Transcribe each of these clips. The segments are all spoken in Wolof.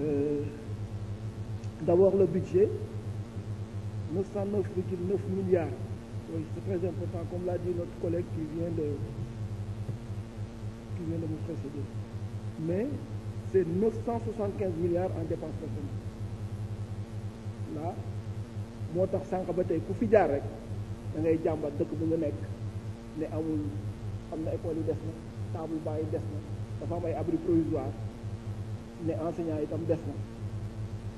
Euh, d'abord le budget 909,9 milliards. Oui, c'est très important, comme l'a dit notre collègue qui vient de, qui vient de vous précéder. Mais c'est 975 milliards en dépenses personnelles. Là, moo tax sànq ba tey ku fi jaar rek da ngay jàmbat dëkk bi nga nekk ne amul am na école yi des na table baa yi des na dafa am abri provisoire ne yi itam des na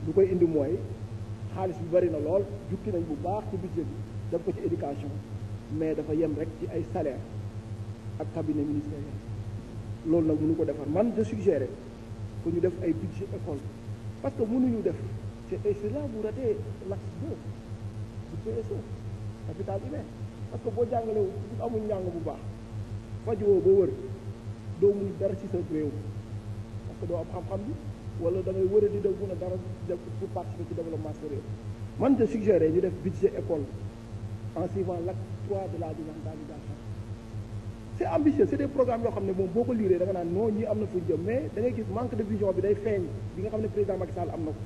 lu koy indi mooy xaalis bi bari na lool jukki nañ bu baax ci budget bi def ko ci éducation mais dafa yem rek ci ay salaire ak cabinet ministériel loolu nag mënu ko defar man de suggérer que ñu def ay budget école parce que mënuñu def c'est c'est là bu ratez l'axe deux du PSE capital humain parce que boo jàngalewu amul njàng bu baax fajoo ba wër doo dara ci sa réew que doo am xam-xam bi wala da ngay wër a di def mun a dara pour participer ci développement sa réew man de suggéré ñu def budget école en suivant l'acte 3 de la décentralisation c'est ambitieux c'est des programmes yoo xam ne moom boo ko liiree da nga naan non ñii am na fu jëm mais da ngay gis manque de vision bi day feeñ bi nga xam ne président Macky Sall am na ko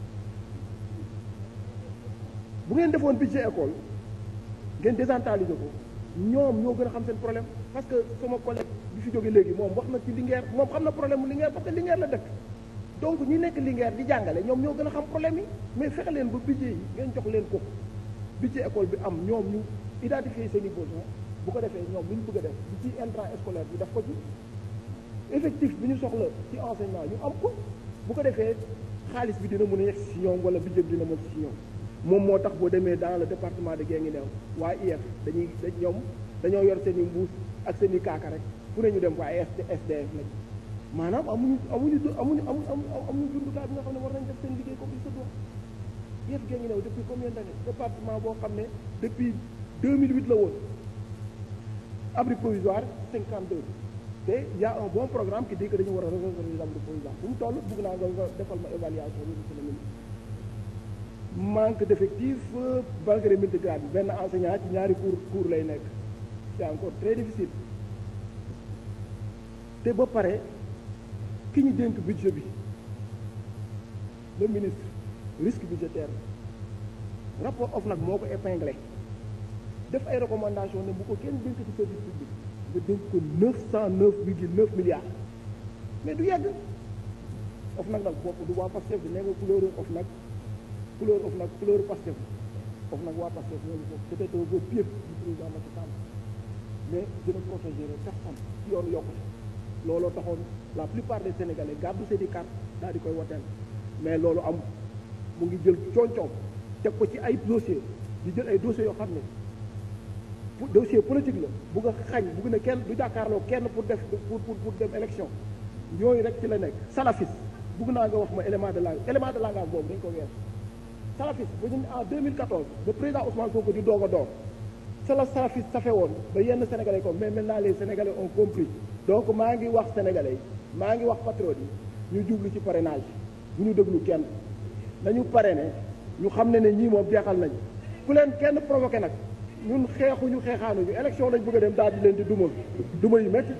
bu ngeen defoon budget école ngeen décentraliser ko ñoom ñoo gën a xam seen problème parce que sama collègue bi fi jóge léegi moom wax na ci Linguère moom xam na problème mu Linguère parce que Linguère la dëkk donc ñi nekk Linguère di jàngale ñoom ñoo gën a xam problème yi mais fexe leen ba budget yi ngeen jox leen ko budget école bi am ñoom ñu identifier seen i besoin bu ko defee ñoom li ñu bëgg a def bi ci intrant scolaire bi daf ko ci effectif bi ñu soxla ci enseignement ñu am ko bu ko defee xaalis bi dina mën a yegg si ñoom wala budget bi dina mën si ñoom moom moo tax boo demee le département de Guinguinéo waa IEF dañuy ñoom dañoo yor seen i mbuus ak seen i kaaka rek fu ne ñu dem ko ay SDF lañ maanaam amuñu amuñu amuñu amuñu jumtukaay bi nga xam ne war nañ def seen liggéey comme il se doit yëf gee ngi new depuis combien département boo xam ne depuis 2008 la woon abri provisoire 52 te y a un bon programme qui dit que dañu war a résoudre les abris provisoires bu mu toll bëgg naa nga defal ma évaluation bi monsieur le ministre manque d'effectif euh, malgré multigrade benn enseignant ci ñaari cours cours lay nekk c'est encore très difficile te ba pare ki ñu dénk budget bi le ministre risque budgétaire rapport nag moo ko épinglé def ay recommandation ne bu ko kenn dénk ci service bi nga dénk ko neuf cent neuf virgule neuf milliards mais du yàgg OFNAC nag bopp du waa Pastef bi nee nga couleur OFNAC couleur OFNAC couleur Pastef OFNAC waa Pastef ñoo ko c'était au pied du président Macky Sall mais dina protéger personne ci yoonu yokkute looloo taxoon la plupart des sénégalais gàddu seeni carte daal di koy woteel mais loolu am mu ngi jël cooncoom teg ko ci ay dossier di jël ay dossiers yoo xam ne dossier politique la bu nga xañ bu ne kenn du jàkkaarloo kenn pour def pour pour dem élection ñooñu rek ci la nekk salafis bugg naa nga wax ma élément de langage élément de langage boobu dañ ko weer salafis ba ñu en 2014 le président Ousmane Sonko di doog a door ca la safi safe woon ba yenn sénégalais ko mais maintenant les sénégalais ont compris donc maa ngi wax sénégalais maa ngi wax patriote yi ñu jublu ci parrainage bu ñu déglu kenn nañu parrainé ñu xam ne ne ñii moom jeexal nañu ku leen kenn provoqué nag ñun xeexuñu xeexaanuñu élection lañ bëgg a dem daal di leen di duma duma yi métti